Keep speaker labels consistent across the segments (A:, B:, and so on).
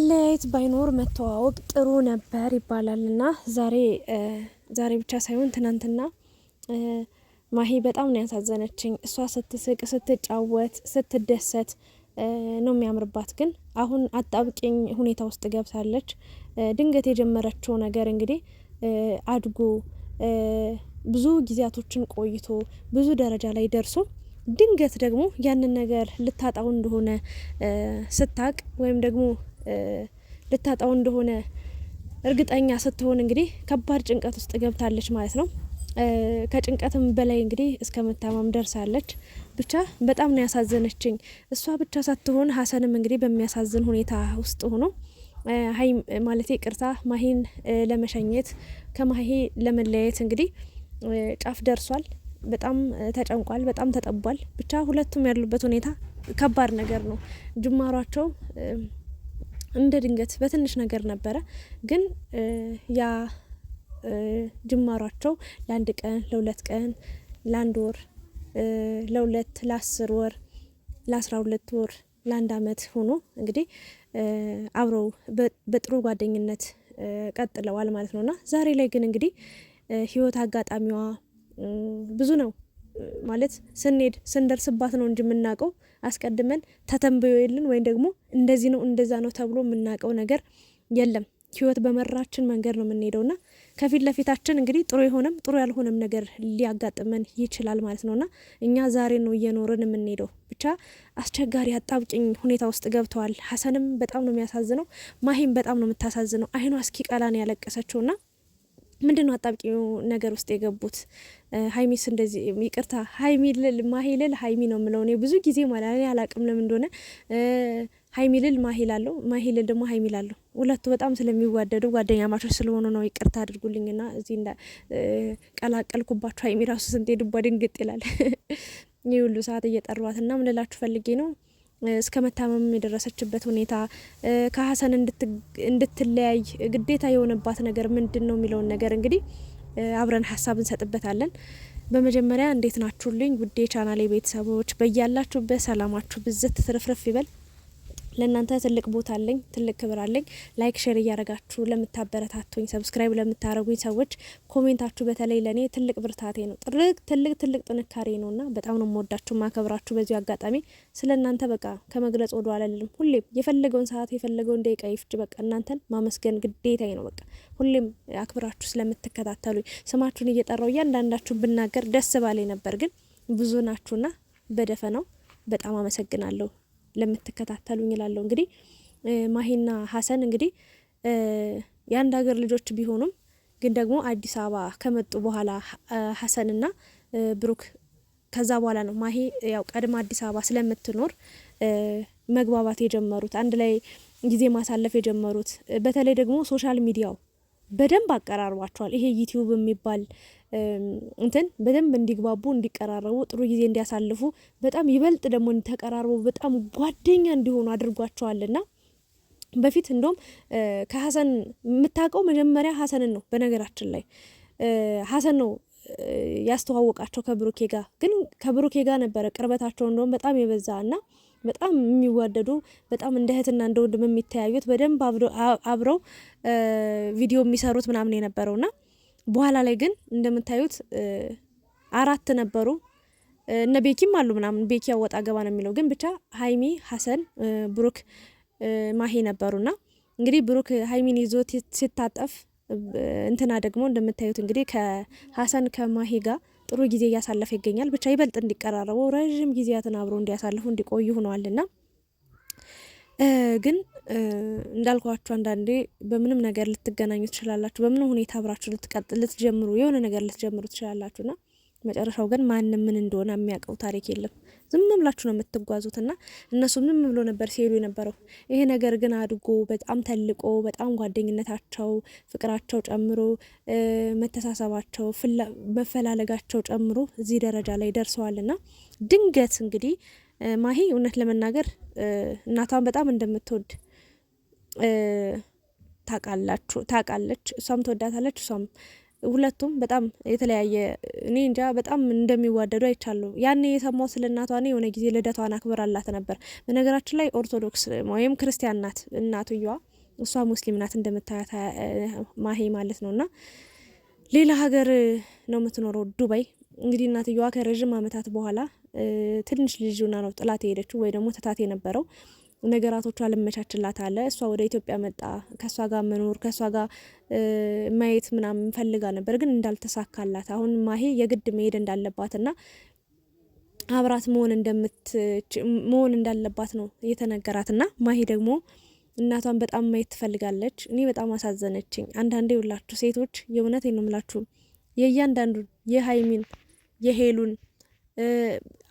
A: መለያየት ባይኖር መተዋወቅ ጥሩ ነበር ይባላል ዛሬ ዛሬ ብቻ ሳይሆን ትናንትና ማሂ በጣም ነው ያሳዘነችኝ። እሷ ስትስቅ፣ ስትጫወት፣ ስትደሰት ነው የሚያምርባት። ግን አሁን አጣብቂኝ ሁኔታ ውስጥ ገብታለች። ድንገት የጀመረችው ነገር እንግዲህ አድጎ ብዙ ጊዜያቶችን ቆይቶ ብዙ ደረጃ ላይ ደርሶ ድንገት ደግሞ ያንን ነገር ልታጣው እንደሆነ ስታቅ ወይም ደግሞ ልታጣው እንደሆነ እርግጠኛ ስትሆን እንግዲህ ከባድ ጭንቀት ውስጥ ገብታለች ማለት ነው። ከጭንቀትም በላይ እንግዲህ እስከ መታመም ደርሳለች። ብቻ በጣም ነው ያሳዘነችኝ። እሷ ብቻ ሳትሆን ሀሰንም እንግዲህ በሚያሳዝን ሁኔታ ውስጥ ሆኖ ሀይ ማለት ቅርታ ማሂን ለመሸኘት ከማሂ ለመለያየት እንግዲህ ጫፍ ደርሷል። በጣም ተጨንቋል። በጣም ተጠቧል። ብቻ ሁለቱም ያሉበት ሁኔታ ከባድ ነገር ነው ጅማሯቸው እንደ ድንገት በትንሽ ነገር ነበረ፣ ግን ያ ጅማሯቸው ለአንድ ቀን፣ ለሁለት ቀን፣ ለአንድ ወር፣ ለሁለት ለአስር ወር፣ ለአስራ ሁለት ወር፣ ለአንድ አመት ሆኖ እንግዲህ አብረው በጥሩ ጓደኝነት ቀጥለዋል ማለት ነውና ዛሬ ላይ ግን እንግዲህ ህይወት አጋጣሚዋ ብዙ ነው። ማለት ስንሄድ ስንደርስባት ነው እንጂ የምናውቀው አስቀድመን ተተንብዮ የለን ወይም ደግሞ እንደዚህ ነው እንደዛ ነው ተብሎ የምናውቀው ነገር የለም። ህይወት በመራችን መንገድ ነው የምንሄደው እና ከፊት ለፊታችን እንግዲህ ጥሩ የሆነም ጥሩ ያልሆነም ነገር ሊያጋጥመን ይችላል ማለት ነው እና እኛ ዛሬ ነው እየኖርን የምንሄደው። ብቻ አስቸጋሪ አጣብቂኝ ሁኔታ ውስጥ ገብተዋል። ሀሰንም በጣም ነው የሚያሳዝነው፣ ማሂም በጣም ነው የምታሳዝነው። አይኗ እስኪ ቀላን ና። ምንድን ነው አጣብቂው ነገር ውስጥ የገቡት? ሀይሚስ እንደዚህ ይቅርታ፣ ሀይሚ ልል ማሂ ልል ሀይሚ ነው የምለው እኔ ብዙ ጊዜ ማለት እኔ አላቅም ለምን እንደሆነ። ሀይሚ ልል ማሂ ላለሁ፣ ማሂ ልል ደግሞ ሀይሚ ላለሁ። ሁለቱ በጣም ስለሚዋደዱ ጓደኛ ማቾች ስለሆኑ ነው። ይቅርታ አድርጉልኝ አድርጉልኝና እዚህ ቀላቀልኩባቸው። ሀይሚ ራሱ ስንት ድቧ ድንግጥ ይላል። ይህ ሁሉ ሰዓት እየጠሯት ና ምንላችሁ ፈልጌ ነው እስከ መታመም የደረሰችበት ሁኔታ ከሀሰን እንድትለያይ ግዴታ የሆነባት ነገር ምንድን ነው የሚለውን ነገር እንግዲህ አብረን ሀሳብ እንሰጥበታለን። በመጀመሪያ እንዴት ናችሁልኝ ውዴ ቻናሌ ቤተሰቦች፣ በያላችሁበት ሰላማችሁ ብዝት ትርፍርፍ ይበል። ለእናንተ ትልቅ ቦታ አለኝ፣ ትልቅ ክብር አለኝ። ላይክ ሼር እያረጋችሁ ለምታበረታቱኝ፣ ሰብስክራይብ ለምታደረጉኝ ሰዎች ኮሜንታችሁ በተለይ ለእኔ ትልቅ ብርታቴ ነው፣ ጥርቅ ትልቅ ትልቅ ጥንካሬ ነው እና በጣም ነው የምወዳችሁ ማከብራችሁ። በዚሁ አጋጣሚ ስለ እናንተ በቃ ከመግለጽ ወደ አለልም። ሁሌም የፈለገውን ሰዓት የፈለገውን ደቂቃ ይፍጭ፣ በቃ እናንተን ማመስገን ግዴታዬ ነው። በቃ ሁሌም አክብራችሁ ስለምትከታተሉኝ ስማችሁን እየጠራው እያንዳንዳችሁን ብናገር ደስ ባላይ ነበር፣ ግን ብዙ ናችሁና በደፈ ነው። በጣም አመሰግናለሁ። ለምትከታተሉኝ ይላለው እንግዲህ ማሂና ሀሰን እንግዲህ የአንድ ሀገር ልጆች ቢሆኑም ግን ደግሞ አዲስ አበባ ከመጡ በኋላ ሀሰንና ብሩክ ከዛ በኋላ ነው ማሂ ያው ቀድማ አዲስ አበባ ስለምትኖር መግባባት የጀመሩት አንድ ላይ ጊዜ ማሳለፍ የጀመሩት። በተለይ ደግሞ ሶሻል ሚዲያው በደንብ አቀራርቧቸዋል። ይሄ ዩቲዩብ የሚባል እንትን በደንብ እንዲግባቡ እንዲቀራረቡ ጥሩ ጊዜ እንዲያሳልፉ በጣም ይበልጥ ደግሞ ተቀራርበው በጣም ጓደኛ እንዲሆኑ አድርጓቸዋልና በፊት እንደውም ከሀሰን የምታውቀው መጀመሪያ ሀሰንን ነው። በነገራችን ላይ ሀሰን ነው ያስተዋወቃቸው ከብሩኬ ጋር ግን ከብሩኬ ጋር ነበረ ቅርበታቸው እንደውም በጣም የበዛ እና በጣም የሚዋደዱ በጣም እንደ እህትና እንደ ወንድም የሚተያዩት በደንብ አብረው ቪዲዮ የሚሰሩት ምናምን የነበረው የነበረውና በኋላ ላይ ግን እንደምታዩት አራት ነበሩ። እነ ቤኪም አሉ ምናምን ቤኪ ያወጣ ገባ ነው የሚለው ግን ብቻ ሀይሚ፣ ሀሰን፣ ብሩክ፣ ማሄ ነበሩና እንግዲህ ብሩክ ሀይሚን ይዞ ሲታጠፍ እንትና ደግሞ እንደምታዩት እንግዲህ ከሀሰን ከማሄ ጋር ጥሩ ጊዜ እያሳለፈ ይገኛል። ብቻ ይበልጥ እንዲቀራረቡ ረዥም ጊዜያትን አብሮ እንዲያሳልፉ እንዲቆዩ ሆነዋልና ግን እንዳልኳችሁ አንዳንዴ በምንም ነገር ልትገናኙ ትችላላችሁ። በምንም ሁኔታ አብራችሁ ልትቀጥል ልትጀምሩ የሆነ ነገር ልትጀምሩ ትችላላችሁ ና መጨረሻው ግን ማንም ምን እንደሆነ የሚያውቀው ታሪክ የለም። ዝም ብላችሁ ነው የምትጓዙት ና እነሱ ዝም ብሎ ነበር ሲሄዱ የነበረው። ይሄ ነገር ግን አድጎ በጣም ተልቆ በጣም ጓደኝነታቸው፣ ፍቅራቸው ጨምሮ መተሳሰባቸው፣ መፈላለጋቸው ጨምሮ እዚህ ደረጃ ላይ ና ድንገት እንግዲህ ማሂ እውነት ለመናገር እናቷን በጣም እንደምትወድ ታውቃላችሁ ታውቃለች። እሷም ትወዳታለች። እሷም ሁለቱም በጣም የተለያየ እኔ እንጃ በጣም እንደሚዋደዱ አይቻሉ። ያኔ የሰማው ስለ እናቷ እኔ የሆነ ጊዜ ልደቷን አክብራላት ነበር። በነገራችን ላይ ኦርቶዶክስ ወይም ክርስቲያን ናት እናትየዋ፣ እሷ ሙስሊም ናት እንደምታያት ማሄ ማለት ነው። እና ሌላ ሀገር ነው የምትኖረው ዱባይ እንግዲህ እናትየዋ ከረዥም ዓመታት በኋላ ትንሽ ልጅ ሆና ነው ጥላት የሄደችው ወይ ደግሞ ትታት የነበረው ነገራቶቿ ልመቻችላት አለ። እሷ ወደ ኢትዮጵያ መጣ። ከእሷ ጋር መኖር ከእሷ ጋር ማየት ምናምን ፈልጋ ነበር፣ ግን እንዳልተሳካላት አሁን ማሄ የግድ መሄድ እንዳለባትና አብራት መሆን እንደምት መሆን እንዳለባት ነው የተነገራትና ማሄ ደግሞ እናቷን በጣም ማየት ትፈልጋለች። እኔ በጣም አሳዘነችኝ። አንዳንዴ ሁላችሁ ሴቶች የእውነት ነው ምላችሁ የእያንዳንዱ የሀይሚን የሄሉን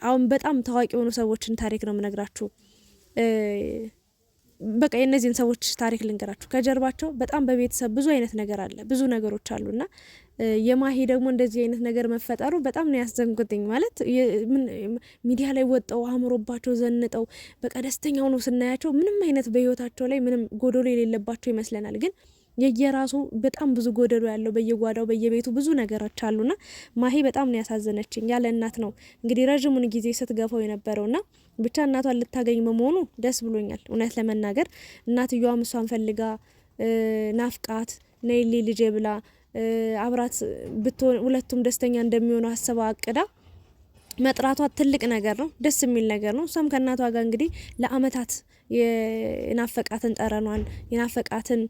A: አሁን በጣም ታዋቂ የሆኑ ሰዎችን ታሪክ ነው የምነግራችሁ። በቃ የእነዚህን ሰዎች ታሪክ ልንገራችሁ። ከጀርባቸው በጣም በቤተሰብ ብዙ አይነት ነገር አለ፣ ብዙ ነገሮች አሉ እና የማሂ ደግሞ እንደዚህ አይነት ነገር መፈጠሩ በጣም ነው ያስዘንጉትኝ። ማለት ሚዲያ ላይ ወጠው አምሮባቸው ዘንጠው በቃ ደስተኛው ነው ስናያቸው፣ ምንም አይነት በህይወታቸው ላይ ምንም ጎዶሎ የሌለባቸው ይመስለናል ግን የየራሱ በጣም ብዙ ጎደሎ ያለው በየጓዳው በየቤቱ ብዙ ነገሮች አሉና ማሄ በጣም ነው ያሳዘነችኝ። ያለ እናት ነው እንግዲህ ረዥሙን ጊዜ ስትገፋው የነበረውና ብቻ እናቷን ልታገኝ በመሆኑ ደስ ብሎኛል። እውነት ለመናገር እናትየዋም እሷን ፈልጋ ናፍቃት ነይሊ ልጄ ብላ አብራት ብትሆን ሁለቱም ደስተኛ እንደሚሆኑ አስባ አቅዳ መጥራቷ ትልቅ ነገር ነው። ደስ የሚል ነገር ነው። እሷም ከእናቷ ጋር እንግዲህ ለአመታት የናፈቃትን ጠረኗን የናፈቃትን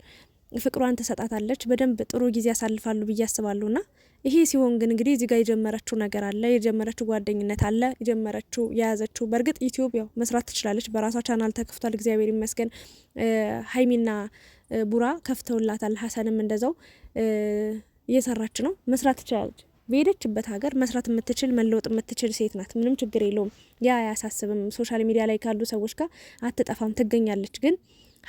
A: ፍቅሯን ትሰጣታለች። በደንብ ጥሩ ጊዜ ያሳልፋሉ ብዬ አስባለሁ። ና ይሄ ሲሆን ግን እንግዲህ እዚህ ጋር የጀመረችው ነገር አለ፣ የጀመረችው ጓደኝነት አለ፣ የጀመረችው የያዘችው በእርግጥ ዩቲዩብ ያው መስራት ትችላለች። በራሷ ቻናል ተከፍቷል፣ እግዚአብሔር ይመስገን። ሀይሚና ቡራ ከፍተውላታል፣ ሀሰንም እንደዛው እየሰራች ነው። መስራት ትችላለች። በሄደችበት ሀገር መስራት የምትችል መለወጥ የምትችል ሴት ናት። ምንም ችግር የለውም። ያ አያሳስብም። ሶሻል ሚዲያ ላይ ካሉ ሰዎች ጋር አትጠፋም፣ ትገኛለች ግን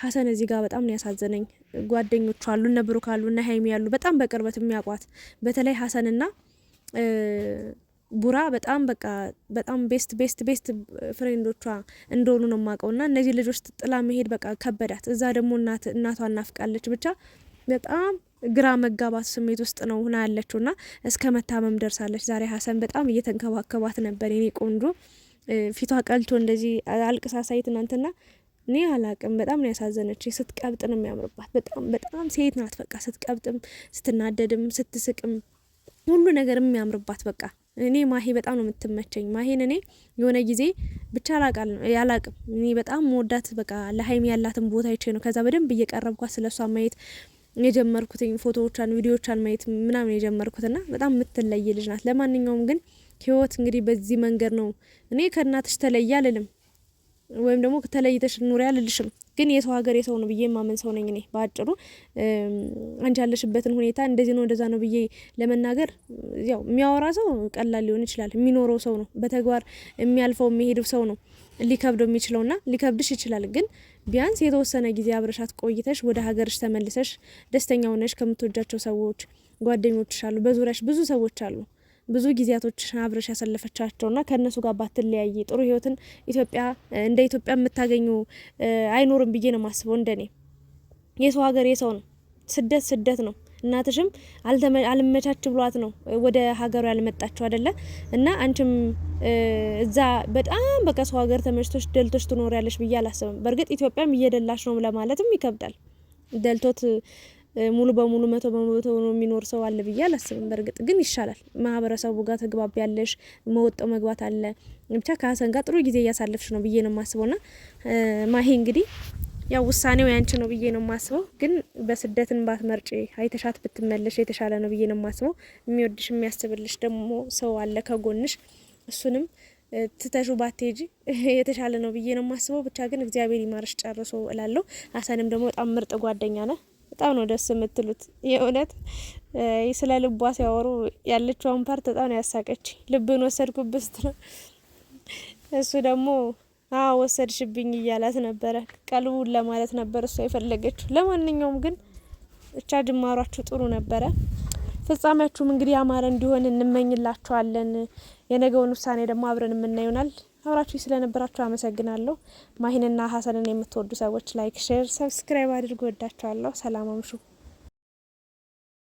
A: ሀሰን እዚህ ጋር በጣም ነው ያሳዘነኝ። ጓደኞቹ አሉ እነ ብሩክ አሉ እነ ሀይሚ ያሉ በጣም በቅርበት የሚያውቋት በተለይ ሀሰንና ቡራ በጣም በቃ በጣም ቤስት ቤስት ቤስት ፍሬንዶቿ እንደሆኑ ነው የማውቀው። ና እነዚህ ልጆች ጥላ መሄድ በቃ ከበዳት። እዛ ደግሞ እናቷ እናፍቃለች። ብቻ በጣም ግራ መጋባት ስሜት ውስጥ ነው ሁና ያለችው። ና እስከ መታመም ደርሳለች። ዛሬ ሀሰን በጣም እየተንከባከባት ነበር። የኔ ቆንጆ ፊቷ ቀልቶ እንደዚህ አልቅሳሳይ ትናንትና እኔ አላቅም። በጣም ነው ያሳዘነች። ስትቀብጥ ነው የሚያምርባት። በጣም በጣም ሴት ናት። በቃ ስትቀብጥም፣ ስትናደድም፣ ስትስቅም ሁሉ ነገር የሚያምርባት በቃ እኔ ማሄ በጣም ነው የምትመቸኝ። ማሄን እኔ የሆነ ጊዜ ብቻ አላቃል ያላቅም እኔ በጣም መወዳት በቃ ለሀይም ያላትን ቦታ ይቼ ነው ከዛ በደንብ እየቀረብኳት ስለሷ ማየት የጀመርኩትኝ ፎቶዎቿን ቪዲዮቿን ማየት ምናምን የጀመርኩትና በጣም የምትለይ ልጅ ናት። ለማንኛውም ግን ህይወት እንግዲህ በዚህ መንገድ ነው። እኔ ከእናትሽ ተለይ አልልም ወይም ደግሞ ተለይተሽ ኑሪ አልልሽም፣ ግን የሰው ሀገር የሰው ነው ብዬ የማመን ሰው ነኝ እኔ። በአጭሩ አንቺ ያለሽበትን ሁኔታ እንደዚህ ነው እንደዛ ነው ብዬ ለመናገር ያው የሚያወራ ሰው ቀላል ሊሆን ይችላል። የሚኖረው ሰው ነው፣ በተግባር የሚያልፈው የሚሄደው ሰው ነው ሊከብደው የሚችለውና ሊከብድሽ ይችላል። ግን ቢያንስ የተወሰነ ጊዜ አብረሻት ቆይተሽ ወደ ሀገርሽ ተመልሰሽ ደስተኛ ሆነሽ ከምትወጃቸው ሰዎች ጓደኞችሽ አሉ፣ በዙሪያሽ ብዙ ሰዎች አሉ። ብዙ ጊዜያቶች አብረሽ ና ከእነሱ ጋር ባትለያይ ጥሩ ህይወትን ኢትዮጵያ እንደ ኢትዮጵያ የምታገኙ አይኖርም ብዬ ነው ማስበው። እንደኔ የሰው ሀገር የሰው ነው። ስደት ስደት ነው። እናትሽም አልመቻች ብሏት ነው ወደ ሀገሩ ያልመጣችው አደለ? እና አንቺም እዛ በጣም በቃ ሰው ሀገር ተመችቶች ደልቶች ትኖር ያለሽ ብዬ አላስብም። በእርግጥ ኢትዮጵያም እየደላሽ ነው ለማለትም ይከብዳል። ደልቶት ሙሉ በሙሉ መቶ በመቶ ነው የሚኖር ሰው አለ ብዬ አላስብም። በእርግጥ ግን ይሻላል። ማህበረሰቡ ጋር ተግባቢ ያለሽ መወጣው መግባት አለ። ብቻ ከሀሰን ጋር ጥሩ ጊዜ እያሳለፍሽ ነው ብዬ ነው የማስበው። ና ማሄ እንግዲህ ያው ውሳኔው ያንቺ ነው ብዬ ነው የማስበው። ግን በስደትን ባት መርጪ አይተሻት ብትመለሽ የተሻለ ነው ብዬ ነው የማስበው። የሚወድሽ የሚያስብልሽ ደግሞ ሰው አለ ከጎንሽ እሱንም ትተሹ ባቴጂ የተሻለ ነው ብዬ ነው የማስበው። ብቻ ግን እግዚአብሔር ይማርሽ ጨርሶ እላለሁ። ሀሰንም ደግሞ በጣም ምርጥ ጓደኛ ነው በጣም ነው ደስ የምትሉት። የእውነት ስለ ልቧ ሲያወሩ ያለችውን ፓርት በጣም ነው ያሳቀች። ልብን ወሰድኩብስት ነው እሱ ደግሞ አዎ ወሰድሽብኝ እያላት ነበረ። ቀልቡን ለማለት ነበር እሷ የፈለገችው። ለማንኛውም ግን እቻ ጅማሯችሁ ጥሩ ነበረ። ፍጻሜያችሁም እንግዲህ አማረ እንዲሆን እንመኝላችኋለን። የነገውን ውሳኔ ደግሞ አብረን የምናየውናል። አብራችሁ ስለነበራችሁ አመሰግናለሁ። ማሂንና ሀሰንን የምትወዱ ሰዎች ላይክ፣ ሼር፣ ሰብስክራይብ አድርጎ ወዳችኋለሁ። ሰላም አምሹ።